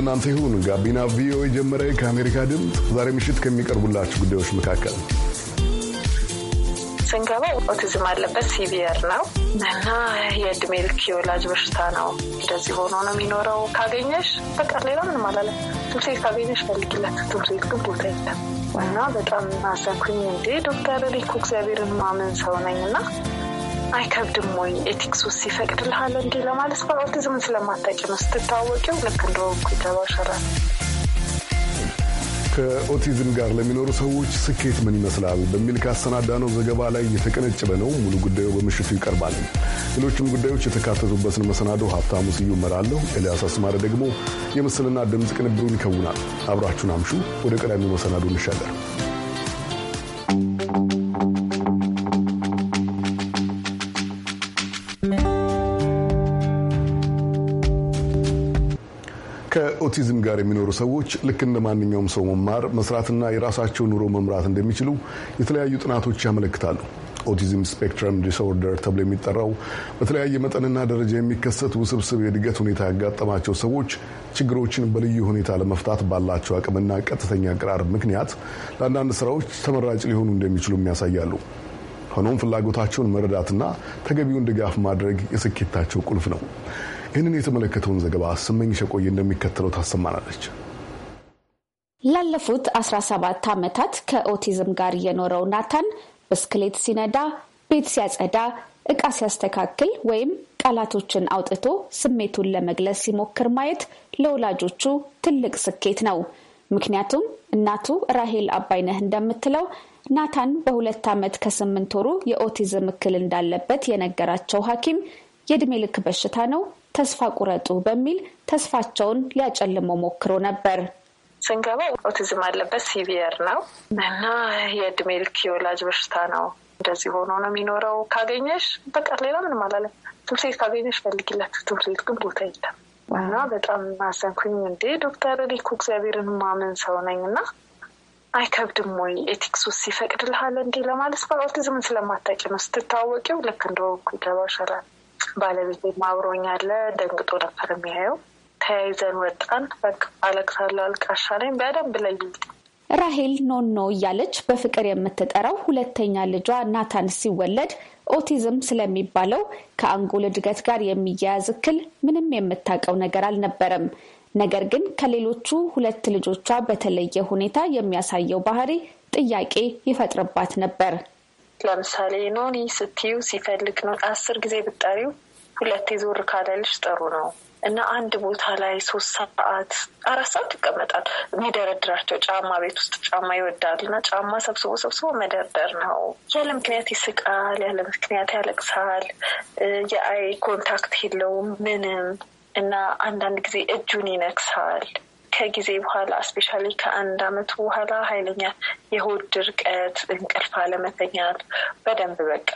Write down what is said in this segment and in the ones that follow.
ለእናንተ ይሁን። ጋቢና ቪኦኤ ጀመረ። ከአሜሪካ ድምፅ ዛሬ ምሽት ከሚቀርቡላችሁ ጉዳዮች መካከል ስንገባ ኦቲዝም አለበት፣ ሲቪየር ነው እና የእድሜ ልክ የወላጅ በሽታ ነው። እንደዚህ ሆኖ ነው የሚኖረው። ካገኘሽ በቃ ሌላ ምንም አላለ። ትምህርት ቤት ካገኘሽ ፈልጊለት። ትምህርት ቤት ግን ቦታ የለም እና በጣም አዘንኩኝ። እንዴ ዶክተር ሪኩ እግዚአብሔርን ማመን ሰው ነኝ እና አይከብድም ወይ ኤቲክስ ውስጥ ይፈቅድልሃል እንዲህ ለማለት ኦቲዝምን ስለማታውቂ ነው ስትታወቂው ልክ እንደ ይገባሻል። ከኦቲዝም ጋር ለሚኖሩ ሰዎች ስኬት ምን ይመስላል በሚል ካሰናዳነው ዘገባ ላይ የተቀነጨበ ነው። ሙሉ ጉዳዩ በምሽቱ ይቀርባል። ሌሎችም ጉዳዮች የተካተቱበትን መሰናዶ ሀብታሙ ስዩ እመራለሁ። ኤልያስ አስማረ ደግሞ የምስልና ድምፅ ቅንብሩን ይከውናል። አብራችሁን አምሹ። ወደ ቀዳሚው መሰናዶ እንሻገር። ከኦቲዝም ጋር የሚኖሩ ሰዎች ልክ እንደ ማንኛውም ሰው መማር፣ መስራትና የራሳቸውን ኑሮ መምራት እንደሚችሉ የተለያዩ ጥናቶች ያመለክታሉ። ኦቲዝም ስፔክትረም ዲስኦርደር ተብሎ የሚጠራው በተለያየ መጠንና ደረጃ የሚከሰት ውስብስብ የእድገት ሁኔታ ያጋጠማቸው ሰዎች ችግሮችን በልዩ ሁኔታ ለመፍታት ባላቸው አቅምና ቀጥተኛ ቅራር ምክንያት ለአንዳንድ ስራዎች ተመራጭ ሊሆኑ እንደሚችሉ ያሳያሉ። ሆኖም ፍላጎታቸውን መረዳትና ተገቢውን ድጋፍ ማድረግ የስኬታቸው ቁልፍ ነው። ይህንን የተመለከተውን ዘገባ ስመኝ ቆይ እንደሚከተለው ታሰማናለች። ላለፉት 17 ዓመታት ከኦቲዝም ጋር የኖረው ናታን ብስክሌት ሲነዳ፣ ቤት ሲያጸዳ፣ እቃ ሲያስተካክል ወይም ቃላቶችን አውጥቶ ስሜቱን ለመግለጽ ሲሞክር ማየት ለወላጆቹ ትልቅ ስኬት ነው። ምክንያቱም እናቱ ራሄል አባይነህ እንደምትለው ናታን በሁለት ዓመት ከስምንት ወሩ የኦቲዝም እክል እንዳለበት የነገራቸው ሐኪም የእድሜ ልክ በሽታ ነው፣ ተስፋ ቁረጡ በሚል ተስፋቸውን ሊያጨልመው ሞክሮ ነበር። ስንገባው ኦቲዝም አለበት፣ ሲቪየር ነው እና የእድሜ ልክ የወላጅ በሽታ ነው። እንደዚህ ሆኖ ነው የሚኖረው። ካገኘሽ በቃ ሌላ ምንም አላለም። ትምህርት ቤት ካገኘሽ ፈልጊላችሁ፣ ትምህርት ቤት ግን ቦታ የለም እና በጣም አዘንኩኝ። እንዴ ዶክተር እኔ እግዚአብሔርን ማመን ሰው ነኝ እና አይከብድም ወይ ኤቲክስ ውስጥ ይፈቅድልሃል እንዲህ ለማለት ኦቲዝምን ስለማታውቂ ነው። ስትታወቂው ልክ እንደወኩ ይገባሻል ባለቤቴም አብሮኝ አለ። ደንግጦ ነበር የሚያየው። ተያይዘን ወጣን። በቃ አለቅሳለሁ፣ አልቃሻ ነኝ። በደንብ ለይ ራሄል ኖኖ እያለች በፍቅር የምትጠራው ሁለተኛ ልጇ ናታን ሲወለድ ኦቲዝም ስለሚባለው ከአንጎል እድገት ጋር የሚያያዝ እክል ምንም የምታውቀው ነገር አልነበረም። ነገር ግን ከሌሎቹ ሁለት ልጆቿ በተለየ ሁኔታ የሚያሳየው ባህሪ ጥያቄ ይፈጥርባት ነበር። ለምሳሌ ኖኒ ስትዩ ሲፈልግ ነው አስር ጊዜ ብጠሪው ሁለቴ ዞር ካለልሽ ጥሩ ነው እና አንድ ቦታ ላይ ሶስት ሰዓት አራት ሰዓት ይቀመጣል። የሚደረድራቸው ጫማ ቤት ውስጥ ጫማ ይወዳል እና ጫማ ሰብስቦ ሰብስቦ መደርደር ነው። ያለ ምክንያት ይስቃል፣ ያለ ምክንያት ያለቅሳል። የአይ ኮንታክት የለውም ምንም እና አንዳንድ ጊዜ እጁን ይነክሳል። ከጊዜ በኋላ እስፔሻሊ ከአንድ አመት በኋላ ኃይለኛ የሆድ ድርቀት፣ እንቅልፍ አለመተኛት በደንብ በቃ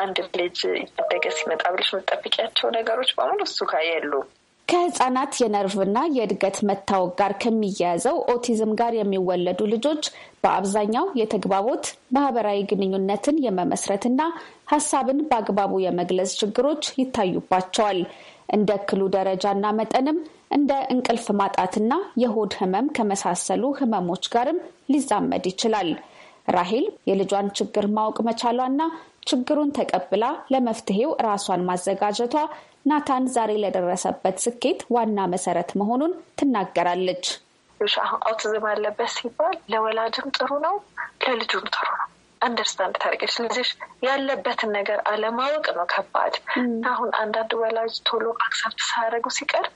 አንድ ልጅ እያደገ ሲመጣ ብለሽ የምትጠብቂያቸው ነገሮች በሙሉ እሱ ጋር የሉም። ከህጻናት የነርቭና የእድገት መታወቅ ጋር ከሚያያዘው ኦቲዝም ጋር የሚወለዱ ልጆች በአብዛኛው የተግባቦት ማህበራዊ ግንኙነትን የመመስረትና ሀሳብን በአግባቡ የመግለጽ ችግሮች ይታዩባቸዋል። እንደ እክሉ ደረጃና መጠንም እንደ እንቅልፍ ማጣትና የሆድ ህመም ከመሳሰሉ ህመሞች ጋርም ሊዛመድ ይችላል። ራሄል የልጇን ችግር ማወቅ መቻሏና ችግሩን ተቀብላ ለመፍትሄው ራሷን ማዘጋጀቷ ናታን ዛሬ ለደረሰበት ስኬት ዋና መሰረት መሆኑን ትናገራለች። አሁን አውቲዝም አለበት ሲባል ለወላጅም ጥሩ ነው፣ ለልጁም ጥሩ ነው። አንደርስታንድ ታደርገች ስለዚህ ያለበትን ነገር አለማወቅ ነው ከባድ። አሁን አንዳንድ ወላጅ ቶሎ አክሰፕት ሳያደርጉ ሲቀር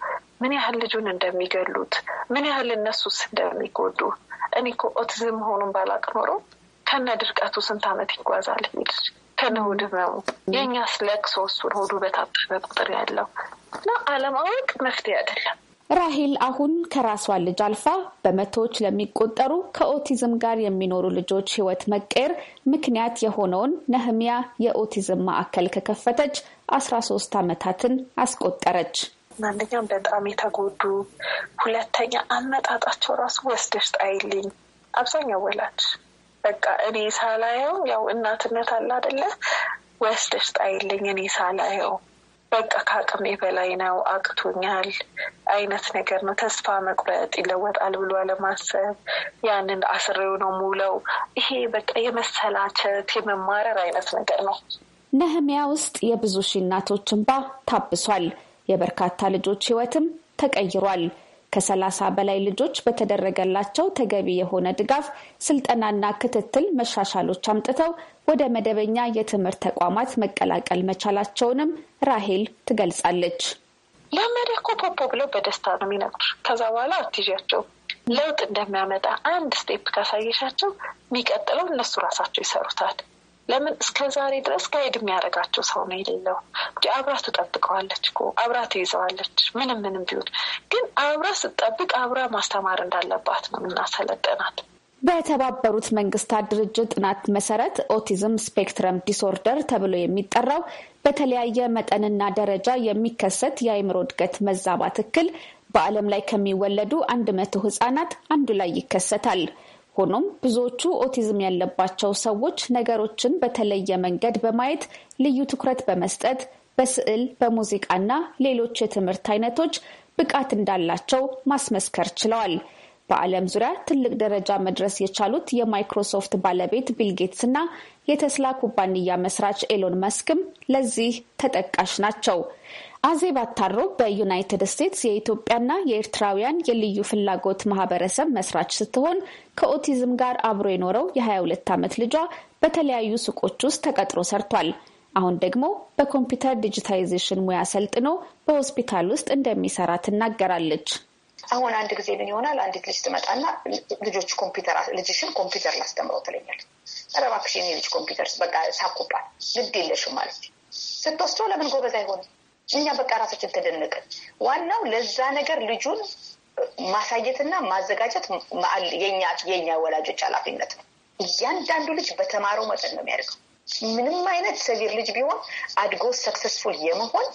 ምን ያህል ልጁን እንደሚገሉት፣ ምን ያህል እነሱስ እንደሚጎዱ እኔ እኮ ኦቲዝም መሆኑን ባላቅ ኖሮ ከነ ድርቀቱ ስንት ዓመት ይጓዛል የሚል ከንውድ ነው የእኛ ስለቅ ሶስቱን ሆዱ በታበበ ቁጥር ያለው እና አለማወቅ መፍትሄ አይደለም። ራሂል አሁን ከራሷ ልጅ አልፋ በመቶዎች ለሚቆጠሩ ከኦቲዝም ጋር የሚኖሩ ልጆች ህይወት መቀየር ምክንያት የሆነውን ነህሚያ የኦቲዝም ማዕከል ከከፈተች አስራ ሶስት አመታትን አስቆጠረች። አንደኛም በጣም የተጎዱ ሁለተኛ አመጣጣቸው ራሱ ወስደሽ ጣይልኝ አብዛኛው ወላጅ በቃ እኔ ሳላየው ያው እናትነት አለ አደለ ወስደሽ ጣይልኝ እኔ ሳላየው በቃ ከአቅሜ በላይ ነው፣ አቅቶኛል አይነት ነገር ነው። ተስፋ መቁረጥ፣ ይለወጣል ብሎ አለማሰብ፣ ያንን አስሬው ነው ሙለው። ይሄ በቃ የመሰላቸት የመማረር አይነት ነገር ነው። ነህሚያ ውስጥ የብዙ ሺ እናቶች እንባ ታብሷል። የበርካታ ልጆች ህይወትም ተቀይሯል። ከሰላሳ በላይ ልጆች በተደረገላቸው ተገቢ የሆነ ድጋፍ፣ ስልጠናና ክትትል መሻሻሎች አምጥተው ወደ መደበኛ የትምህርት ተቋማት መቀላቀል መቻላቸውንም ራሄል ትገልጻለች። ለመደ እኮ ፖፖ ብለው በደስታ ነው የሚነግሩ። ከዛ በኋላ አትይዣቸው ለውጥ እንደሚያመጣ አንድ ስቴፕ ካሳየሻቸው የሚቀጥለው እነሱ ራሳቸው ይሰሩታል። ለምን እስከ ዛሬ ድረስ ጋይድ የሚያደርጋቸው ሰው ነው የሌለው። አብራ ትጠብቀዋለች እኮ አብራ ትይዘዋለች። ምንም ምንም ቢሆን ግን አብራ ስትጠብቅ አብራ ማስተማር እንዳለባት ነው የምናሰለጠናት። በተባበሩት መንግስታት ድርጅት ጥናት መሰረት ኦቲዝም ስፔክትረም ዲስኦርደር ተብሎ የሚጠራው በተለያየ መጠንና ደረጃ የሚከሰት የአይምሮ እድገት መዛባት እክል በዓለም ላይ ከሚወለዱ አንድ መቶ ህጻናት አንዱ ላይ ይከሰታል። ሆኖም ብዙዎቹ ኦቲዝም ያለባቸው ሰዎች ነገሮችን በተለየ መንገድ በማየት ልዩ ትኩረት በመስጠት በስዕል፣ በሙዚቃና ሌሎች የትምህርት አይነቶች ብቃት እንዳላቸው ማስመስከር ችለዋል። በዓለም ዙሪያ ትልቅ ደረጃ መድረስ የቻሉት የማይክሮሶፍት ባለቤት ቢልጌትስ እና የተስላ ኩባንያ መስራች ኤሎን መስክም ለዚህ ተጠቃሽ ናቸው። አዜብ አታሮ በዩናይትድ ስቴትስ የኢትዮጵያና የኤርትራውያን የልዩ ፍላጎት ማህበረሰብ መስራች ስትሆን ከኦቲዝም ጋር አብሮ የኖረው የ22 ዓመት ልጇ በተለያዩ ሱቆች ውስጥ ተቀጥሮ ሰርቷል። አሁን ደግሞ በኮምፒውተር ዲጂታይዜሽን ሙያ ሰልጥኖ በሆስፒታል ውስጥ እንደሚሰራ ትናገራለች። አሁን አንድ ጊዜ ምን ይሆናል፣ አንዲት ልጅ ትመጣና ልጆች ኮምፒውተር ልጅሽን ኮምፒውተር ላስተምረው ትለኛል። ኧረ እባክሽ የኔ ልጅ ኮምፒውተር በቃ ሳኩባል ግድ የለሽም ማለት ስትወስደው ለምን ጎበዝ አይሆንም እኛ በቃ ራሳችን ተደነቅን። ዋናው ለዛ ነገር ልጁን ማሳየትና ማዘጋጀት የኛ ወላጆች ኃላፊነት ነው። እያንዳንዱ ልጅ በተማረው መጠን ነው የሚያደርገው። ምንም አይነት ሰቪር ልጅ ቢሆን አድጎ ሰክሰስፉል የመሆን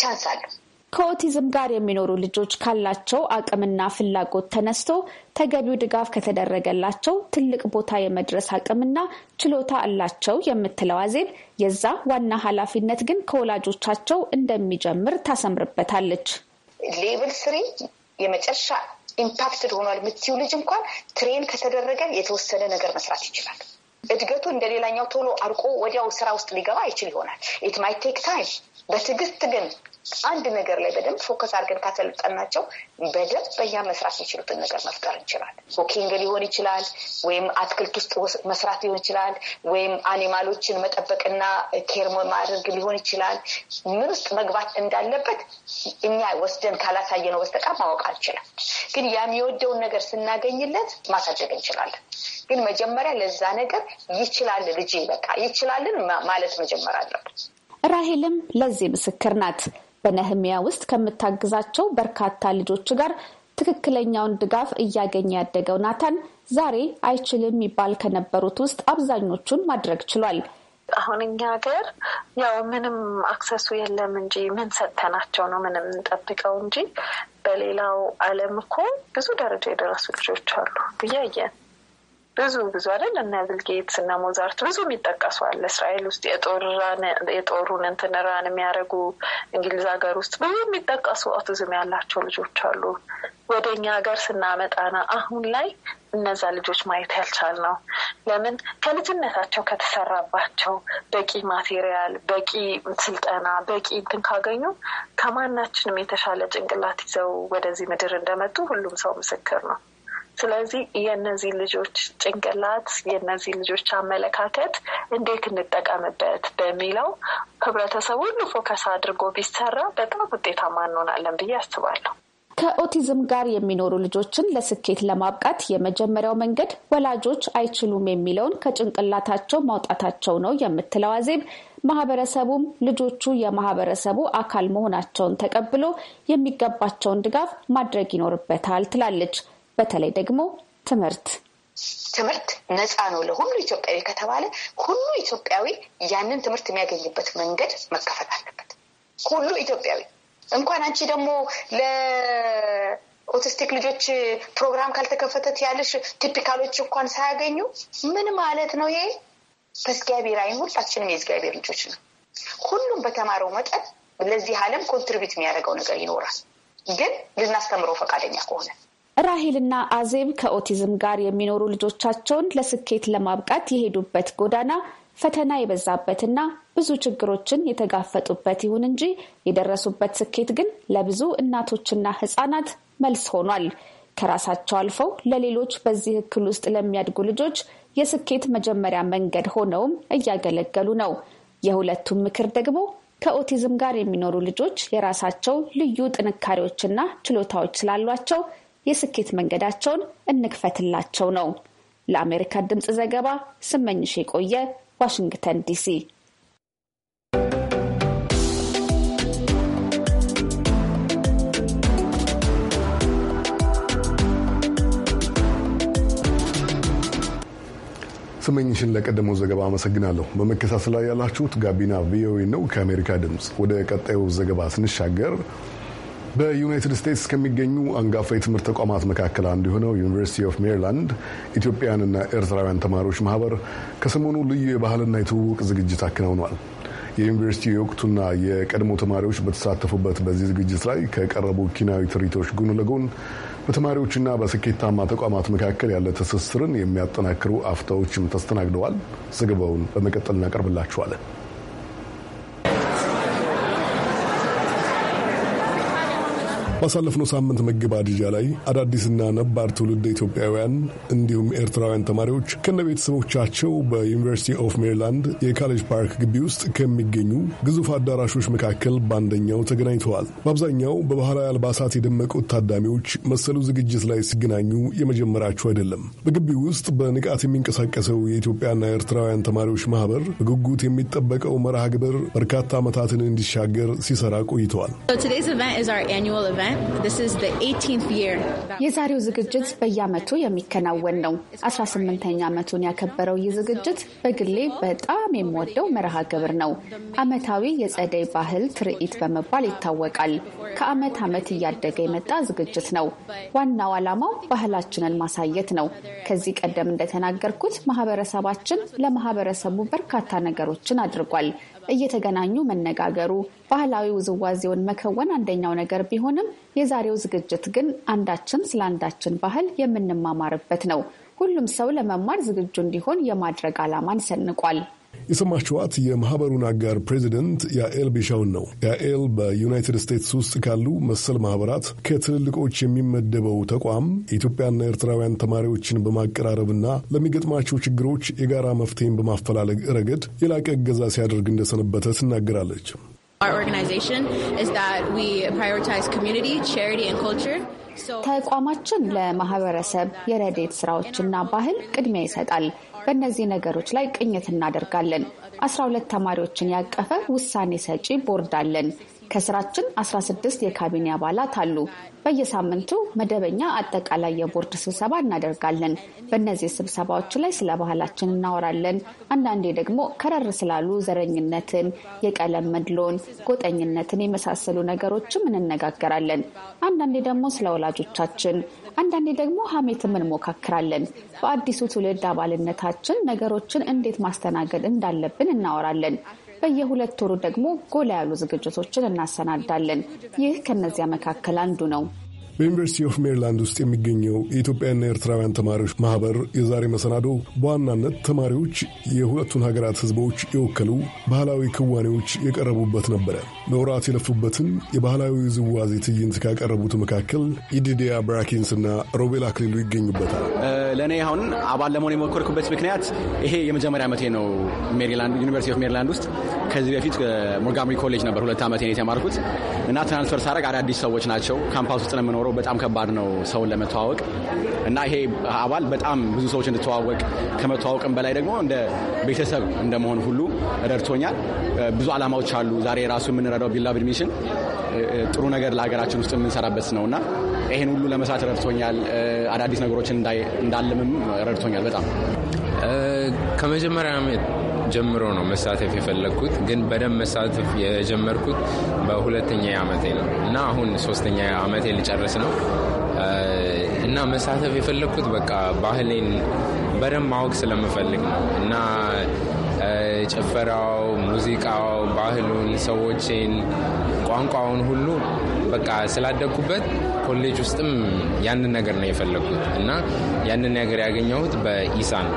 ቻንስ አለው። ከኦቲዝም ጋር የሚኖሩ ልጆች ካላቸው አቅምና ፍላጎት ተነስቶ ተገቢው ድጋፍ ከተደረገላቸው ትልቅ ቦታ የመድረስ አቅምና ችሎታ አላቸው የምትለው አዜብ የዛ ዋና ኃላፊነት ግን ከወላጆቻቸው እንደሚጀምር ታሰምርበታለች። ሌብል ስሪ የመጨረሻ ኢምፓክትድ ሆኗል የምትይው ልጅ እንኳን ትሬን ከተደረገ የተወሰነ ነገር መስራት ይችላል። እድገቱ እንደሌላኛው ቶሎ አርቆ ወዲያው ስራ ውስጥ ሊገባ አይችል ይሆናል። ኢት ማይ ቴክ ታይም። በትዕግስት ግን አንድ ነገር ላይ በደንብ ፎከስ አድርገን ካሰለጠናቸው በደንብ በያ መስራት የሚችሉትን ነገር መፍጠር እንችላል። ኮኪንግ ሊሆን ይችላል፣ ወይም አትክልት ውስጥ መስራት ሊሆን ይችላል፣ ወይም አኒማሎችን መጠበቅና ኬር ማድረግ ሊሆን ይችላል። ምን ውስጥ መግባት እንዳለበት እኛ ወስደን ካላሳየነው በስተቀር ማወቅ አልችልም። ግን ያ የሚወደውን ነገር ስናገኝለት ማሳደግ እንችላለን። ግን መጀመሪያ ለዛ ነገር ይችላል ልጅ በቃ ይችላልን ማለት መጀመር አለብን። ራሄልም ለዚህ ምስክር ናት። በነህሚያ ውስጥ ከምታግዛቸው በርካታ ልጆች ጋር ትክክለኛውን ድጋፍ እያገኘ ያደገው ናታን ዛሬ አይችልም ይባል ከነበሩት ውስጥ አብዛኞቹን ማድረግ ችሏል። አሁን እኛ ሀገር ያው ምንም አክሰሱ የለም እንጂ ምን ሰጥተናቸው ነው ምንም እንጠብቀው እንጂ በሌላው ዓለም እኮ ብዙ ደረጃ የደረሱ ልጆች አሉ ብያየን ብዙ ብዙ አይደል እነ ብልጌትስ እና ሞዛርት ብዙ የሚጠቀሱ አለ። እስራኤል ውስጥ የጦሩን እንትንራን የሚያደርጉ እንግሊዝ ሀገር ውስጥ ብዙ የሚጠቀሱ ኦቲዝም ያላቸው ልጆች አሉ። ወደ እኛ ሀገር ስናመጣና አሁን ላይ እነዛ ልጆች ማየት ያልቻል ነው። ለምን ከልጅነታቸው ከተሰራባቸው በቂ ማቴሪያል፣ በቂ ስልጠና፣ በቂ እንትን ካገኙ ከማናችንም የተሻለ ጭንቅላት ይዘው ወደዚህ ምድር እንደመጡ ሁሉም ሰው ምስክር ነው። ስለዚህ የእነዚህ ልጆች ጭንቅላት የእነዚህ ልጆች አመለካከት እንዴት እንጠቀምበት በሚለው ህብረተሰቡ ሁሉ ፎከስ አድርጎ ቢሰራ በጣም ውጤታማ እንሆናለን ብዬ አስባለሁ። ከኦቲዝም ጋር የሚኖሩ ልጆችን ለስኬት ለማብቃት የመጀመሪያው መንገድ ወላጆች አይችሉም የሚለውን ከጭንቅላታቸው ማውጣታቸው ነው የምትለው አዜብ፣ ማህበረሰቡም ልጆቹ የማህበረሰቡ አካል መሆናቸውን ተቀብሎ የሚገባቸውን ድጋፍ ማድረግ ይኖርበታል ትላለች። በተለይ ደግሞ ትምህርት ትምህርት ነፃ ነው ለሁሉ ኢትዮጵያዊ ከተባለ ሁሉ ኢትዮጵያዊ ያንን ትምህርት የሚያገኝበት መንገድ መከፈት አለበት። ሁሉ ኢትዮጵያዊ እንኳን አንቺ ደግሞ ለኦቲስቲክ ልጆች ፕሮግራም ካልተከፈተት ያለሽ ቲፒካሎች እንኳን ሳያገኙ ምን ማለት ነው ይሄ? በእግዚአብሔር አይን ሁላችንም የእግዚአብሔር ልጆች ነው። ሁሉም በተማረው መጠን ለዚህ ዓለም ኮንትሪቢት የሚያደርገው ነገር ይኖራል። ግን ልናስተምረው ፈቃደኛ ከሆነ ራሄልና አዜብ ከኦቲዝም ጋር የሚኖሩ ልጆቻቸውን ለስኬት ለማብቃት የሄዱበት ጎዳና ፈተና የበዛበትና ብዙ ችግሮችን የተጋፈጡበት ይሁን እንጂ የደረሱበት ስኬት ግን ለብዙ እናቶችና ሕጻናት መልስ ሆኗል። ከራሳቸው አልፈው ለሌሎች በዚህ እክል ውስጥ ለሚያድጉ ልጆች የስኬት መጀመሪያ መንገድ ሆነውም እያገለገሉ ነው። የሁለቱም ምክር ደግሞ ከኦቲዝም ጋር የሚኖሩ ልጆች የራሳቸው ልዩ ጥንካሬዎችና ችሎታዎች ስላሏቸው የስኬት መንገዳቸውን እንክፈትላቸው ነው። ለአሜሪካ ድምፅ ዘገባ ስመኝሽ የቆየ ዋሽንግተን ዲሲ። ስመኝሽን ለቀደመው ዘገባ አመሰግናለሁ። በመከታተል ላይ ያላችሁት ጋቢና ቪኦኤ ነው ከአሜሪካ ድምፅ። ወደ ቀጣዩ ዘገባ ስንሻገር በዩናይትድ ስቴትስ ከሚገኙ አንጋፋ የትምህርት ተቋማት መካከል አንዱ የሆነው ዩኒቨርሲቲ ኦፍ ሜሪላንድ ኢትዮጵያውያንና ኤርትራውያን ተማሪዎች ማህበር ከሰሞኑ ልዩ የባህልና የትውውቅ ዝግጅት አከናውኗል። የዩኒቨርሲቲ የወቅቱና የቀድሞ ተማሪዎች በተሳተፉበት በዚህ ዝግጅት ላይ ከቀረቡ ኪናዊ ትርኢቶች ጎን ለጎን በተማሪዎችና በስኬታማ ተቋማት መካከል ያለ ትስስርን የሚያጠናክሩ አፍታዎችም ተስተናግደዋል። ዘገባውን በመቀጠል እናቀርብላችኋለን። ባሳለፍነው ሳምንት መገባደጃ ላይ አዳዲስና ነባር ትውልድ ኢትዮጵያውያን እንዲሁም ኤርትራውያን ተማሪዎች ከነ ቤተሰቦቻቸው በዩኒቨርሲቲ ኦፍ ሜሪላንድ የካሌጅ ፓርክ ግቢ ውስጥ ከሚገኙ ግዙፍ አዳራሾች መካከል በአንደኛው ተገናኝተዋል። በአብዛኛው በባህላዊ አልባሳት የደመቁት ታዳሚዎች መሰሉ ዝግጅት ላይ ሲገናኙ የመጀመራቸው አይደለም። በግቢው ውስጥ በንቃት የሚንቀሳቀሰው የኢትዮጵያና ኤርትራውያን ተማሪዎች ማህበር በጉጉት የሚጠበቀው መርሃ ግብር በርካታ ዓመታትን እንዲሻገር ሲሰራ ቆይተዋል። የዛሬው ዝግጅት በየዓመቱ የሚከናወን ነው። 18ኛ ዓመቱን ያከበረው ይህ ዝግጅት በግሌ በጣም የምወደው መርሃ ግብር ነው። አመታዊ የጸደይ ባህል ትርኢት በመባል ይታወቃል። ከዓመት ዓመት እያደገ የመጣ ዝግጅት ነው። ዋናው ዓላማው ባህላችንን ማሳየት ነው። ከዚህ ቀደም እንደተናገርኩት ማህበረሰባችን ለማህበረሰቡ በርካታ ነገሮችን አድርጓል። እየተገናኙ መነጋገሩ፣ ባህላዊ ውዝዋዜውን መከወን አንደኛው ነገር ቢሆንም የዛሬው ዝግጅት ግን አንዳችን ስለ አንዳችን ባህል የምንማማርበት ነው። ሁሉም ሰው ለመማር ዝግጁ እንዲሆን የማድረግ ዓላማን ሰንቋል። የሰማችኋት የማህበሩን አጋር ፕሬዚደንት ያኤል ቢሻውን ነው። ያኤል በዩናይትድ ስቴትስ ውስጥ ካሉ መሰል ማህበራት ከትልልቆች የሚመደበው ተቋም የኢትዮጵያና ኤርትራውያን ተማሪዎችን በማቀራረብና ለሚገጥማቸው ችግሮች የጋራ መፍትሄን በማፈላለግ ረገድ የላቀ እገዛ ሲያደርግ እንደሰነበተ ትናገራለች። ተቋማችን ለማህበረሰብ የረዴት ስራዎችና ባህል ቅድሚያ ይሰጣል። በእነዚህ ነገሮች ላይ ቅኝት እናደርጋለን። አስራ ሁለት ተማሪዎችን ያቀፈ ውሳኔ ሰጪ ቦርድ አለን። ከስራችን 16 የካቢኔ አባላት አሉ። በየሳምንቱ መደበኛ አጠቃላይ የቦርድ ስብሰባ እናደርጋለን። በእነዚህ ስብሰባዎች ላይ ስለ ባህላችን እናወራለን። አንዳንዴ ደግሞ ከረር ስላሉ ዘረኝነትን፣ የቀለም መድሎን፣ ጎጠኝነትን የመሳሰሉ ነገሮችም እንነጋገራለን። አንዳንዴ ደግሞ ስለ ወላጆቻችን፣ አንዳንዴ ደግሞ ሀሜትም እንሞካክራለን። በአዲሱ ትውልድ አባልነታችን ነገሮችን እንዴት ማስተናገድ እንዳለብን እናወራለን። በየሁለት ወሩ ደግሞ ጎላ ያሉ ዝግጅቶችን እናሰናዳለን። ይህ ከነዚያ መካከል አንዱ ነው። በዩኒቨርሲቲ ኦፍ ሜሪላንድ ውስጥ የሚገኘው የኢትዮጵያና ኤርትራውያን ተማሪዎች ማህበር የዛሬ መሰናዶ በዋናነት ተማሪዎች የሁለቱን ሀገራት ህዝቦች የወከሉ ባህላዊ ክዋኔዎች የቀረቡበት ነበረ። ለወራት የለፉበትን የባህላዊ ዝዋዜ ትዕይንት ካቀረቡት መካከል ኢዲዲያ እና ሮቤል አክሊሉ ይገኙበታል። ለእኔ አሁን አባል ለመሆን የሞከርኩበት ምክንያት ይሄ የመጀመሪያ ዓመቴ ነው ሜሪላንድ ዩኒቨርሲቲ ኦፍ ሜሪላንድ ውስጥ። ከዚህ በፊት ሞርጋምሪ ኮሌጅ ነበር ሁለት ዓመቴ የተማርኩት እና ትራንስፈር ሳደርግ አዳዲስ ሰዎች ናቸው ካምፓስ ውስጥ ነው የምኖረው በጣም ከባድ ነው ሰውን ለመተዋወቅ እና ይሄ አባል በጣም ብዙ ሰዎች እንድተዋወቅ ከመተዋወቅም በላይ ደግሞ እንደ ቤተሰብ እንደመሆን ሁሉ ረድቶኛል። ብዙ አላማዎች አሉ። ዛሬ ራሱ የምንረዳው ቢላ ሚሽን ጥሩ ነገር ለሀገራችን ውስጥ የምንሰራበት ነው እና ይህን ሁሉ ለመስራት ረድቶኛል። አዳዲስ ነገሮችን እንዳለምም ረድቶኛል በጣም ከመጀመሪያ ጀምሮ ነው መሳተፍ የፈለግኩት፣ ግን በደንብ መሳተፍ የጀመርኩት በሁለተኛ ዓመቴ ነው እና አሁን ሶስተኛ ዓመቴ ልጨርስ ነው እና መሳተፍ የፈለግኩት በቃ ባህሌን በደንብ ማወቅ ስለምፈልግ ነው እና ጭፈራው፣ ሙዚቃው፣ ባህሉን፣ ሰዎችን፣ ቋንቋውን ሁሉ በቃ ስላደግኩበት ኮሌጅ ውስጥም ያንን ነገር ነው የፈለግኩት እና ያንን ነገር ያገኘሁት በኢሳን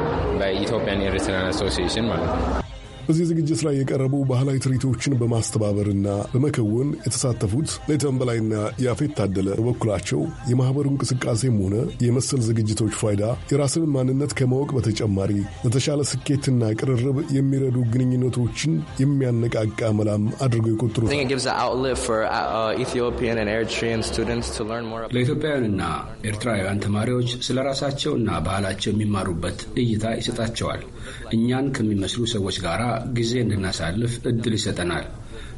በኢትዮጵያን ኤርትራን አሶሲሽን ማለት ነው። በዚህ ዝግጅት ላይ የቀረቡ ባህላዊ ትርኢቶችን በማስተባበርና በመከወን የተሳተፉት ሌተን በላይና ያፌት ታደለ በበኩላቸው የማኅበሩ እንቅስቃሴም ሆነ የመሰል ዝግጅቶች ፋይዳ የራስን ማንነት ከማወቅ በተጨማሪ ለተሻለ ስኬትና ቅርርብ የሚረዱ ግንኙነቶችን የሚያነቃቃ መላም አድርገው ይቆጥሩታል። uh, uh, ለኢትዮጵያውያንና ኤርትራውያን ተማሪዎች ስለ ራሳቸውና ባህላቸው የሚማሩበት እይታ ይሰጣቸዋል። እኛን ከሚመስሉ ሰዎች ጋር ። ጊዜ እንድናሳልፍ እድል ይሰጠናል።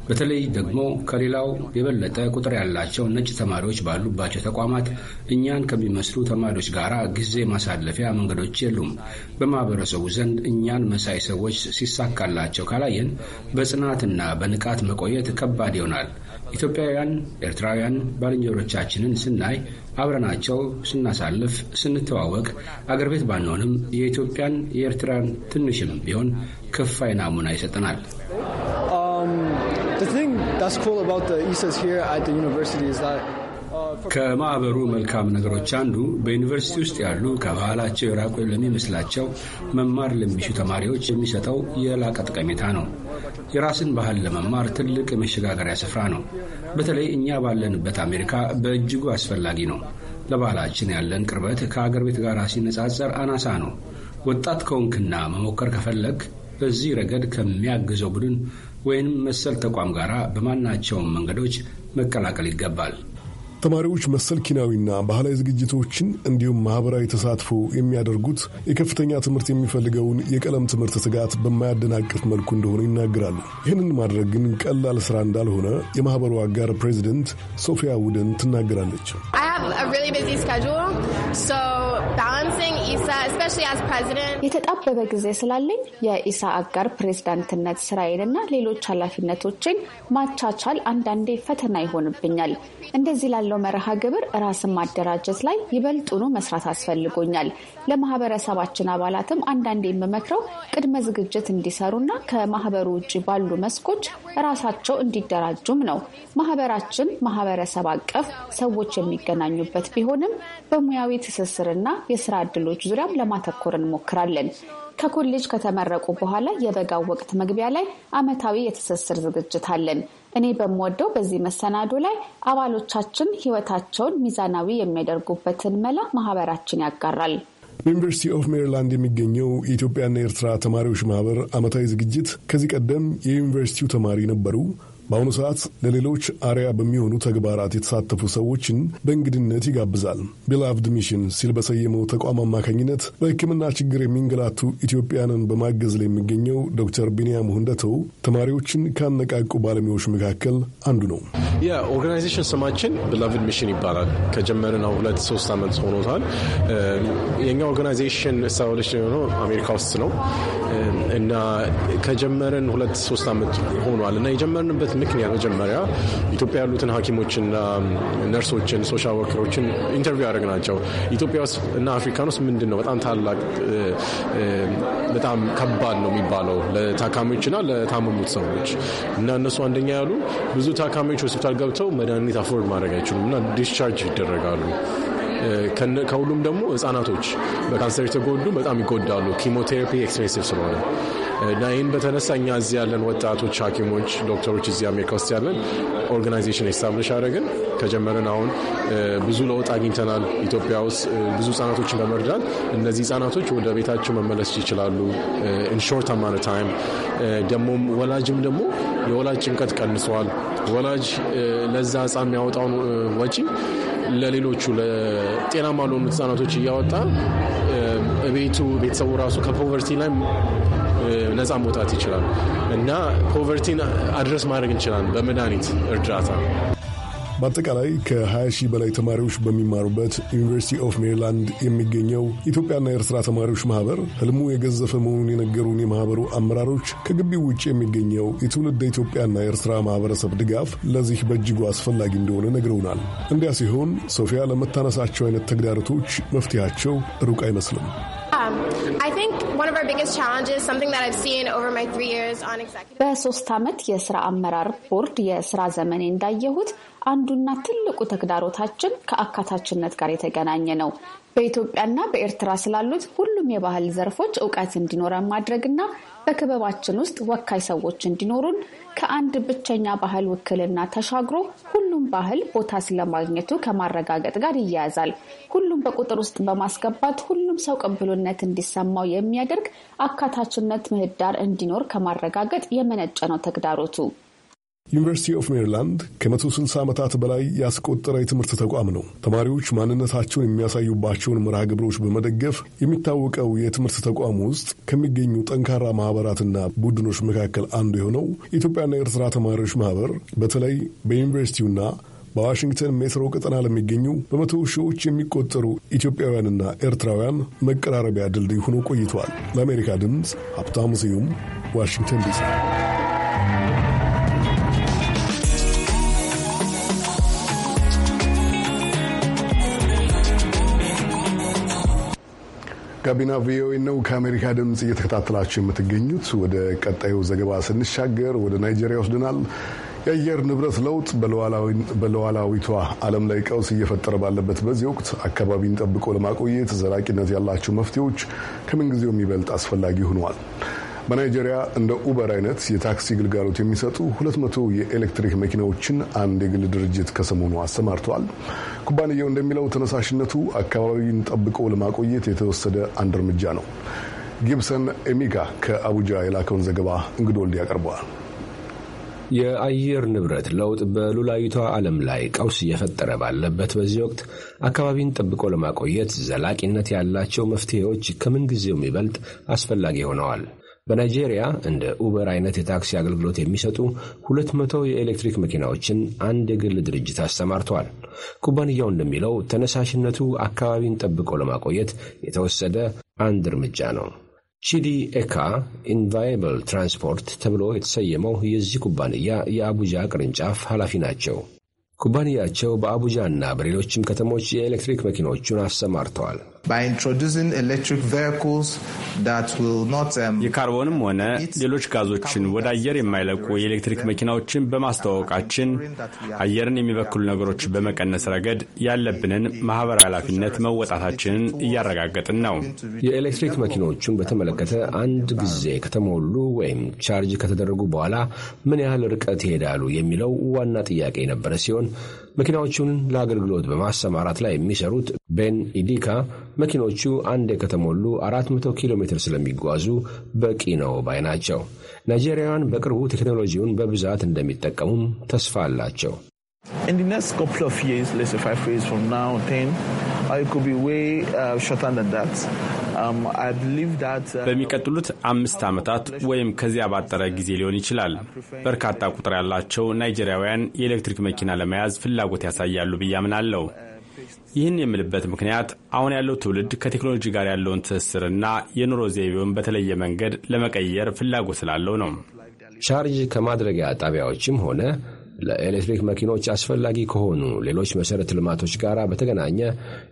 በተለይ ደግሞ ከሌላው የበለጠ ቁጥር ያላቸው ነጭ ተማሪዎች ባሉባቸው ተቋማት እኛን ከሚመስሉ ተማሪዎች ጋር ጊዜ ማሳለፊያ መንገዶች የሉም። በማህበረሰቡ ዘንድ እኛን መሳይ ሰዎች ሲሳካላቸው ካላየን በጽናትና በንቃት መቆየት ከባድ ይሆናል። ኢትዮጵያውያን፣ ኤርትራውያን ባልንጀሮቻችንን ስናይ አብረናቸው ስናሳልፍ ስንተዋወቅ አገር ቤት ባንሆንም የኢትዮጵያን የኤርትራን ትንሽም ቢሆን ክፋይ ናሙና ይሰጠናል። um, The thing that's cool about the ESAs here at the university is that ከማህበሩ መልካም ነገሮች አንዱ በዩኒቨርሲቲ ውስጥ ያሉ ከባህላቸው የራቁ ለሚመስላቸው መማር ለሚሹ ተማሪዎች የሚሰጠው የላቀ ጠቀሜታ ነው። የራስን ባህል ለመማር ትልቅ የመሸጋገሪያ ስፍራ ነው። በተለይ እኛ ባለንበት አሜሪካ በእጅጉ አስፈላጊ ነው። ለባህላችን ያለን ቅርበት ከአገር ቤት ጋር ሲነጻጸር አናሳ ነው። ወጣት ከሆንክና መሞከር ከፈለግ በዚህ ረገድ ከሚያግዘው ቡድን ወይም መሰል ተቋም ጋር በማናቸውም መንገዶች መቀላቀል ይገባል። ተማሪዎች መሰል ኪናዊና ባህላዊ ዝግጅቶችን እንዲሁም ማህበራዊ ተሳትፎ የሚያደርጉት የከፍተኛ ትምህርት የሚፈልገውን የቀለም ትምህርት ትጋት በማያደናቅፍ መልኩ እንደሆነ ይናገራሉ። ይህንን ማድረግ ግን ቀላል ስራ እንዳልሆነ የማኅበሩ አጋር ፕሬዚደንት ሶፊያ ውደን ትናገራለች። የተጣበበ ጊዜ ስላለኝ የኢሳ አጋር ፕሬዝዳንትነት ስራዬንና ሌሎች ኃላፊነቶችን ማቻቻል አንዳንዴ ፈተና ይሆንብኛል። እንደዚህ ላለው መርሃ ግብር ራስን ማደራጀት ላይ ይበልጡኑ መስራት አስፈልጎኛል። ለማህበረሰባችን አባላትም አንዳንዴ የምመክረው ቅድመ ዝግጅት እንዲሰሩና ከማህበሩ ውጭ ባሉ መስኮች ራሳቸው እንዲደራጁም ነው። ማህበራችን ማህበረሰብ አቀፍ ሰዎች የሚገናኙ የተገናኙበት ቢሆንም በሙያዊ ትስስርና የስራ ዕድሎች ዙሪያም ለማተኮር እንሞክራለን። ከኮሌጅ ከተመረቁ በኋላ የበጋው ወቅት መግቢያ ላይ አመታዊ የትስስር ዝግጅት አለን። እኔ በምወደው በዚህ መሰናዶ ላይ አባሎቻችን ህይወታቸውን ሚዛናዊ የሚያደርጉበትን መላ ማህበራችን ያጋራል። ዩኒቨርሲቲ ኦፍ ሜሪላንድ የሚገኘው የኢትዮጵያና ኤርትራ ተማሪዎች ማህበር ዓመታዊ ዝግጅት ከዚህ ቀደም የዩኒቨርሲቲው ተማሪ ነበሩ በአሁኑ ሰዓት ለሌሎች አርያ በሚሆኑ ተግባራት የተሳተፉ ሰዎችን በእንግድነት ይጋብዛል። ቢላቭድ ሚሽን ሲል በሰየመው ተቋም አማካኝነት በሕክምና ችግር የሚንገላቱ ኢትዮጵያንን በማገዝ ላይ የሚገኘው ዶክተር ቢንያም ሁንደተው ተማሪዎችን ካነቃቁ ባለሙያዎች መካከል አንዱ ነው። የኦርጋናይዜሽን ስማችን ቢላቭድ ሚሽን ይባላል። ከጀመርን ሁለት ሶስት ዓመት ሆኖታል። የኛ ኦርጋናይዜሽን ሳሌሽ የሆነው አሜሪካ ውስጥ ነው እና ከጀመርን ሁለት ሶስት ዓመት ሆኗል እና የጀመርንበት ምክንያት መጀመሪያ ኢትዮጵያ ያሉትን ሐኪሞችና ነርሶችን ሶሻል ወርከሮችን ኢንተርቪው ያደረግ ናቸው። ኢትዮጵያ ውስጥ እና አፍሪካን ውስጥ ምንድን ነው በጣም ታላቅ በጣም ከባድ ነው የሚባለው ለታካሚዎችና ለታመሙት ሰዎች እና እነሱ አንደኛ ያሉ ብዙ ታካሚዎች ሆስፒታል ገብተው መድኃኒት አፎርድ ማድረግ አይችሉም እና ዲስቻርጅ ይደረጋሉ። ከሁሉም ደግሞ ህጻናቶች በካንሰር የተጎዱ በጣም ይጎዳሉ፣ ኪሞቴራፒ ኤክስፔንሲቭ ስለሆነ ናይን ይህን በተነሳ እኛ እዚህ ያለን ወጣቶች፣ ሐኪሞች፣ ዶክተሮች እዚህ አሜሪካ ውስጥ ያለን ኦርጋናይዜሽን ኤስታብሊሽ አድረግን ከጀመርን አሁን ብዙ ለውጥ አግኝተናል። ኢትዮጵያ ውስጥ ብዙ ህጻናቶችን በመርዳት እነዚህ ህጻናቶች ወደ ቤታቸው መመለስ ይችላሉ። ኢንሾርት አማነ ታይም ደግሞም ወላጅም ደግሞ የወላጅ ጭንቀት ቀንሰዋል። ወላጅ ለዛ ህጻን የሚያወጣውን ወጪ ለሌሎቹ ለጤናማ ለሆኑት ህጻናቶች እያወጣ ቤቱ ቤተሰቡ ራሱ ከፖቨርቲ ላይ ነፃ መውጣት ይችላል እና ፖቨርቲን አድረስ ማድረግ እንችላለን በመድኃኒት እርዳታ። በአጠቃላይ ከ20 ሺህ በላይ ተማሪዎች በሚማሩበት ዩኒቨርሲቲ ኦፍ ሜሪላንድ የሚገኘው ኢትዮጵያና የኤርትራ ተማሪዎች ማህበር ህልሙ የገዘፈ መሆኑን የነገሩን የማህበሩ አመራሮች ከግቢው ውጭ የሚገኘው የትውልድ ኢትዮጵያና የኤርትራ ማህበረሰብ ድጋፍ ለዚህ በእጅጉ አስፈላጊ እንደሆነ ነግረውናል። እንዲያ ሲሆን ሶፊያ ለመታነሳቸው አይነት ተግዳሮቶች መፍትሄያቸው ሩቅ አይመስልም። በሶስት ዓመት የስራ አመራር ቦርድ የስራ ዘመኔ እንዳየሁት አንዱና ትልቁ ተግዳሮታችን ከአካታችነት ጋር የተገናኘ ነው። በኢትዮጵያና በኤርትራ ስላሉት ሁሉም የባህል ዘርፎች እውቀት እንዲኖረን ማድረግና በክበባችን ውስጥ ወካይ ሰዎች እንዲኖሩን ከአንድ ብቸኛ ባህል ውክልና ተሻግሮ ሁሉም ባህል ቦታ ስለማግኘቱ ከማረጋገጥ ጋር ይያያዛል። ሁሉም በቁጥር ውስጥ በማስገባት ሁሉም ሰው ቅብሎነት እንዲሰማው የሚያደርግ አካታችነት ምህዳር እንዲኖር ከማረጋገጥ የመነጨ ነው ተግዳሮቱ። ዩኒቨርሲቲ ኦፍ ሜሪላንድ ከ160 ዓመታት በላይ ያስቆጠረ የትምህርት ተቋም ነው። ተማሪዎች ማንነታቸውን የሚያሳዩባቸውን መርሃ ግብሮች በመደገፍ የሚታወቀው የትምህርት ተቋም ውስጥ ከሚገኙ ጠንካራ ማህበራትና ቡድኖች መካከል አንዱ የሆነው ኢትዮጵያና ኤርትራ ተማሪዎች ማህበር በተለይ በዩኒቨርሲቲውና በዋሽንግተን ሜትሮ ቀጠና ለሚገኙ በመቶ ሺዎች የሚቆጠሩ ኢትዮጵያውያንና ኤርትራውያን መቀራረቢያ ድልድይ ሆኖ ቆይተዋል። ለአሜሪካ ድምፅ ሀብታሙ ስዩም ዋሽንግተን ዲሲ ጋቢና ቪኦኤ ነው ከአሜሪካ ድምፅ እየተከታተላችሁ የምትገኙት። ወደ ቀጣዩ ዘገባ ስንሻገር ወደ ናይጄሪያ ወስድናል። የአየር ንብረት ለውጥ በለዋላዊቷ ዓለም ላይ ቀውስ እየፈጠረ ባለበት በዚህ ወቅት አካባቢን ጠብቆ ለማቆየት ዘላቂነት ያላቸው መፍትሄዎች ከምንጊዜው የሚበልጥ አስፈላጊ ሆነዋል። በናይጄሪያ እንደ ኡበር አይነት የታክሲ ግልጋሎት የሚሰጡ 200 የኤሌክትሪክ መኪናዎችን አንድ የግል ድርጅት ከሰሞኑ አሰማርተዋል። ኩባንያው እንደሚለው ተነሳሽነቱ አካባቢን ጠብቆ ለማቆየት የተወሰደ አንድ እርምጃ ነው። ጊብሰን ኤሚጋ ከአቡጃ የላከውን ዘገባ እንግዶ ወልድ ያቀርበዋል። የአየር ንብረት ለውጥ በሉላዊቷ ዓለም ላይ ቀውስ እየፈጠረ ባለበት በዚህ ወቅት አካባቢን ጠብቆ ለማቆየት ዘላቂነት ያላቸው መፍትሄዎች ከምንጊዜውም የሚበልጥ አስፈላጊ ሆነዋል። በናይጄሪያ እንደ ኡበር አይነት የታክሲ አገልግሎት የሚሰጡ 200 የኤሌክትሪክ መኪናዎችን አንድ የግል ድርጅት አሰማርተዋል። ኩባንያው እንደሚለው ተነሳሽነቱ አካባቢን ጠብቆ ለማቆየት የተወሰደ አንድ እርምጃ ነው። ቺዲ ኤካ ኢንቫይብል ትራንስፖርት ተብሎ የተሰየመው የዚህ ኩባንያ የአቡጃ ቅርንጫፍ ኃላፊ ናቸው። ኩባንያቸው በአቡጃ እና በሌሎችም ከተሞች የኤሌክትሪክ መኪኖቹን አሰማርተዋል። um, የካርቦንም ሆነ ሌሎች ጋዞችን ወደ አየር የማይለቁ የኤሌክትሪክ መኪናዎችን በማስተዋወቃችን አየርን የሚበክሉ ነገሮች በመቀነስ ረገድ ያለብንን ማህበራዊ ኃላፊነት መወጣታችንን እያረጋገጥን ነው። የኤሌክትሪክ መኪኖቹን በተመለከተ አንድ ጊዜ ከተሞሉ ወይም ቻርጅ ከተደረጉ በኋላ ምን ያህል ርቀት ይሄዳሉ የሚለው ዋና ጥያቄ የነበረ ሲሆን ሲሆን መኪናዎቹን ለአገልግሎት በማሰማራት ላይ የሚሰሩት ቤን ኢዲካ መኪኖቹ አንዴ ከተሞሉ 400 ኪሎ ሜትር ስለሚጓዙ በቂ ነው ባይ ናቸው። ናይጄሪያውያን በቅርቡ ቴክኖሎጂውን በብዛት እንደሚጠቀሙም ተስፋ አላቸው። In the next couple of years, let's say five years from now, ten, or it could be way uh, shorter than that. Um, uh, በሚቀጥሉት አምስት ዓመታት ወይም ከዚያ ባጠረ ጊዜ ሊሆን ይችላል። በርካታ ቁጥር ያላቸው ናይጄሪያውያን የኤሌክትሪክ መኪና ለመያዝ ፍላጎት ያሳያሉ ብዬ አምናለሁ። uh, ይህን የምልበት ምክንያት አሁን ያለው ትውልድ ከቴክኖሎጂ ጋር ያለውን ትስስርና የኑሮ ዘይቤውን በተለየ መንገድ ለመቀየር ፍላጎት ስላለው ነው። ቻርጅ ከማድረጊያ ጣቢያዎችም ሆነ ለኤሌክትሪክ መኪኖች አስፈላጊ ከሆኑ ሌሎች መሠረተ ልማቶች ጋር በተገናኘ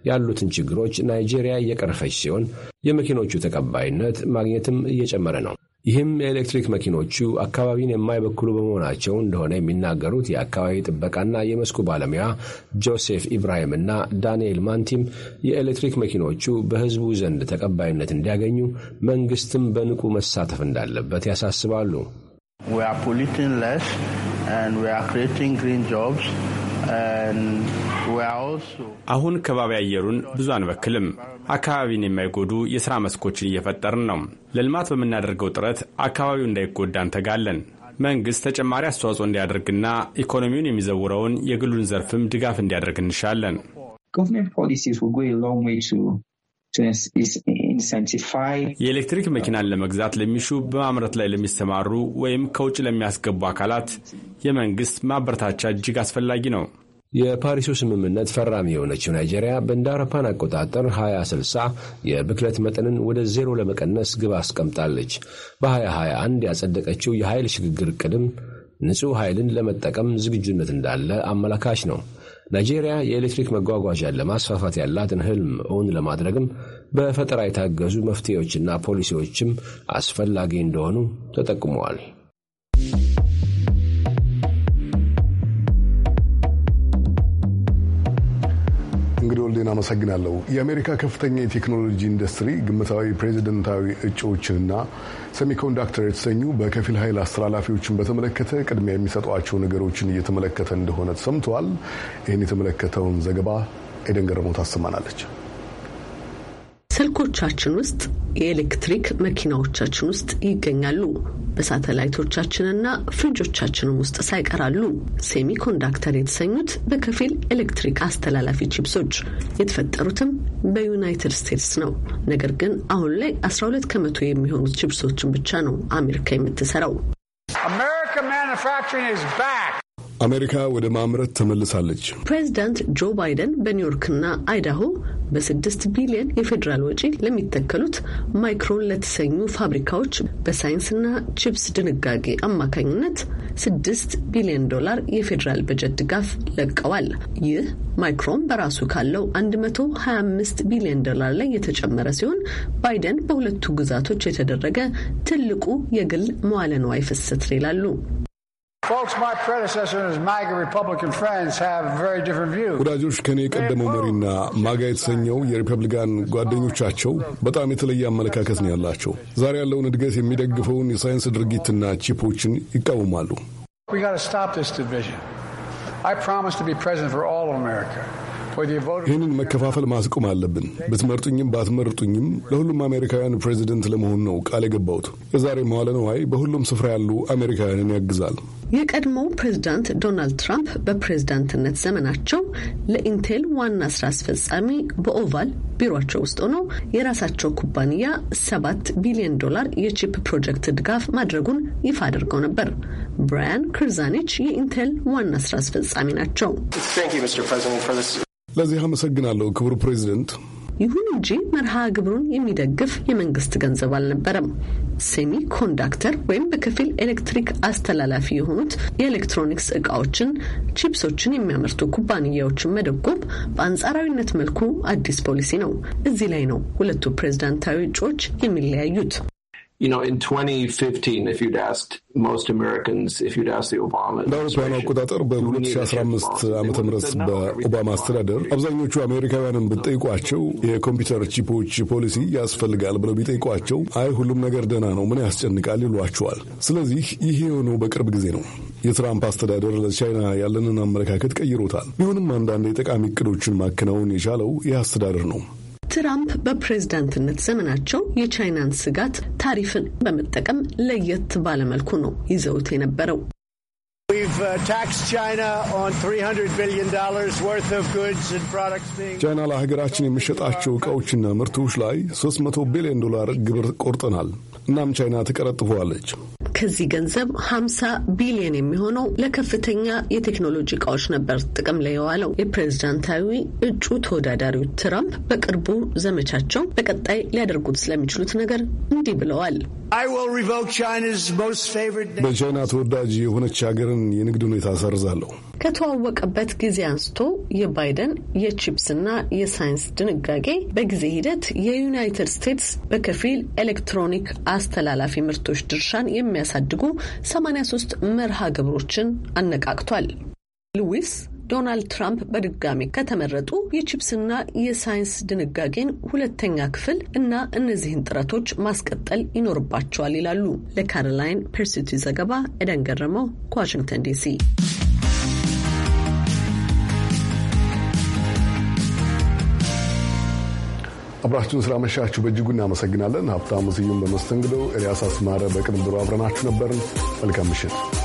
ያሉትን ችግሮች ናይጄሪያ እየቀረፈች ሲሆን የመኪኖቹ ተቀባይነት ማግኘትም እየጨመረ ነው። ይህም የኤሌክትሪክ መኪኖቹ አካባቢን የማይበክሉ በመሆናቸው እንደሆነ የሚናገሩት የአካባቢ ጥበቃና የመስኩ ባለሙያ ጆሴፍ ኢብራሂም እና ዳንኤል ማንቲም የኤሌክትሪክ መኪኖቹ በሕዝቡ ዘንድ ተቀባይነት እንዲያገኙ መንግስትም በንቁ መሳተፍ እንዳለበት ያሳስባሉ። We are polluting less and we are creating green jobs አሁን ከባቢ አየሩን ብዙ አንበክልም። አካባቢን የማይጎዱ የሥራ መስኮችን እየፈጠርን ነው። ለልማት በምናደርገው ጥረት አካባቢው እንዳይጎዳ እንተጋለን። መንግሥት ተጨማሪ አስተዋጽኦ እንዲያደርግና ኢኮኖሚውን የሚዘውረውን የግሉን ዘርፍም ድጋፍ እንዲያደርግ እንሻለን። የኤሌክትሪክ መኪናን ለመግዛት ለሚሹ በማምረት ላይ ለሚሰማሩ ወይም ከውጭ ለሚያስገቡ አካላት የመንግስት ማበረታቻ እጅግ አስፈላጊ ነው። የፓሪሱ ስምምነት ፈራሚ የሆነችው ናይጄሪያ በእንደ አውሮፓን አቆጣጠር 2060 የብክለት መጠንን ወደ ዜሮ ለመቀነስ ግብ አስቀምጣለች። በ2021 ያጸደቀችው የኃይል ሽግግር ቅድም ንጹሕ ኃይልን ለመጠቀም ዝግጁነት እንዳለ አመላካች ነው። ናይጄሪያ የኤሌክትሪክ መጓጓዣን ለማስፋፋት ያላትን ህልም እውን ለማድረግም በፈጠራ የታገዙ መፍትሄዎችና ፖሊሲዎችም አስፈላጊ እንደሆኑ ተጠቁመዋል። እንግዲህ ወልዴን አመሰግናለሁ። የአሜሪካ ከፍተኛ የቴክኖሎጂ ኢንዱስትሪ ግምታዊ ፕሬዚደንታዊ እጩዎችንና ሰሚኮንዳክተር የተሰኙ በከፊል ኃይል አስተላላፊዎችን በተመለከተ ቅድሚያ የሚሰጧቸው ነገሮችን እየተመለከተ እንደሆነ ተሰምተዋል። ይህን የተመለከተውን ዘገባ ኤደን ገረሞ ታሰማናለች። ስልኮቻችን ውስጥ የኤሌክትሪክ መኪናዎቻችን ውስጥ ይገኛሉ። በሳተላይቶቻችንና ፍሪጆቻችንም ውስጥ ሳይቀራሉ ሴሚ ኮንዳክተር የተሰኙት በከፊል ኤሌክትሪክ አስተላላፊ ቺፕሶች የተፈጠሩትም በዩናይትድ ስቴትስ ነው። ነገር ግን አሁን ላይ 12 ከመቶ የሚሆኑ ቺፕሶችን ብቻ ነው አሜሪካ የምትሰራው። አሜሪካ ወደ ማምረት ተመልሳለች። ፕሬዚዳንት ጆ ባይደን በኒውዮርክና አይዳሆ በስድስት ቢሊዮን የፌዴራል ወጪ ለሚተከሉት ማይክሮን ለተሰኙ ፋብሪካዎች በሳይንስና ቺፕስ ድንጋጌ አማካኝነት ስድስት ቢሊዮን ዶላር የፌዴራል በጀት ድጋፍ ለቀዋል። ይህ ማይክሮን በራሱ ካለው 125 ቢሊዮን ዶላር ላይ የተጨመረ ሲሆን ባይደን በሁለቱ ግዛቶች የተደረገ ትልቁ የግል መዋለ ንዋይ ፍሰት ይላሉ። ወዳጆች ከኔ የቀደመው መሪና ማጋ የተሰኘው የሪፐብሊካን ጓደኞቻቸው በጣም የተለየ አመለካከት ነው ያላቸው። ዛሬ ያለውን እድገት የሚደግፈውን የሳይንስ ድርጊትና ቺፖችን ይቃወማሉ። ይህንን መከፋፈል ማስቆም አለብን። ብትመርጡኝም ባትመርጡኝም ለሁሉም አሜሪካውያን ፕሬዚደንት ለመሆን ነው ቃል የገባሁት። የዛሬ መዋለ ነዋይ በሁሉም ስፍራ ያሉ አሜሪካውያንን ያግዛል። የቀድሞው ፕሬዝዳንት ዶናልድ ትራምፕ በፕሬዝዳንትነት ዘመናቸው ለኢንቴል ዋና ስራ አስፈጻሚ በኦቫል ቢሮቸው ውስጥ ሆነው የራሳቸው ኩባንያ ሰባት ቢሊዮን ዶላር የቺፕ ፕሮጀክት ድጋፍ ማድረጉን ይፋ አድርገው ነበር። ብራያን ክርዛኒች የኢንቴል ዋና ስራ አስፈጻሚ ናቸው። ለዚህ አመሰግናለሁ ክቡር ፕሬዚደንት። ይሁን እንጂ መርሃ ግብሩን የሚደግፍ የመንግስት ገንዘብ አልነበረም። ሴሚ ኮንዳክተር ወይም በከፊል ኤሌክትሪክ አስተላላፊ የሆኑት የኤሌክትሮኒክስ እቃዎችን፣ ቺፕሶችን የሚያመርቱ ኩባንያዎችን መደጎም በአንጻራዊነት መልኩ አዲስ ፖሊሲ ነው። እዚህ ላይ ነው ሁለቱ ፕሬዝዳንታዊ እጩዎች የሚለያዩት። በአውሮፓውያኑ አቆጣጠር በ2015 ዓ ም በኦባማ አስተዳደር አብዛኞቹ አሜሪካውያንን ብጠይቋቸው የኮምፒውተር ቺፖች ፖሊሲ ያስፈልጋል ብለው ቢጠይቋቸው አይ ሁሉም ነገር ደህና ነው፣ ምን ያስጨንቃል ይሏቸዋል። ስለዚህ ይሄ የሆነው በቅርብ ጊዜ ነው። የትራምፕ አስተዳደር ለቻይና ያለንን አመለካከት ቀይሮታል። ቢሆንም አንዳንድ የጠቃሚ እቅዶችን ማከናወን የቻለው ይህ አስተዳደር ነው። ትራምፕ በፕሬዝዳንትነት ዘመናቸው የቻይናን ስጋት ታሪፍን በመጠቀም ለየት ባለመልኩ ነው ይዘውት የነበረው። uh, ቻይና ለሀገራችን የሚሸጣቸው እቃዎችና ምርቶች ላይ 300 ቢሊዮን ዶላር ግብር ቆርጠናል። እናም ቻይና ትቀረጥፈዋለች። ከዚህ ገንዘብ 50 ቢሊዮን የሚሆነው ለከፍተኛ የቴክኖሎጂ እቃዎች ነበር ጥቅም ላይ የዋለው። የፕሬዝዳንታዊ እጩ ተወዳዳሪው ትራምፕ በቅርቡ ዘመቻቸው በቀጣይ ሊያደርጉት ስለሚችሉት ነገር እንዲህ ብለዋል። በቻይና ተወዳጅ የሆነች ሀገርን የንግድ ሁኔታ ሰርዛለሁ። ከተዋወቀበት ጊዜ አንስቶ የባይደን የቺፕስና የሳይንስ ድንጋጌ በጊዜ ሂደት የዩናይትድ ስቴትስ በከፊል ኤሌክትሮኒክ አስተላላፊ ምርቶች ድርሻን የሚያሳድጉ 83 መርሃ ግብሮችን አነቃቅቷል። ሉዊስ ዶናልድ ትራምፕ በድጋሚ ከተመረጡ የቺፕስና የሳይንስ ድንጋጌን ሁለተኛ ክፍል እና እነዚህን ጥረቶች ማስቀጠል ይኖርባቸዋል ይላሉ። ለካሮላይን ፐርሲቲ ዘገባ ኤደን ገረመው ከዋሽንግተን ዲሲ አብራችሁን ስላመሻችሁ በእጅጉ እናመሰግናለን። ሀብታሙ ስዩም በመስተንግዶ፣ ኤልያስ አስማረ በቅንብሩ አብረናችሁ ነበርን። መልካም ምሽት።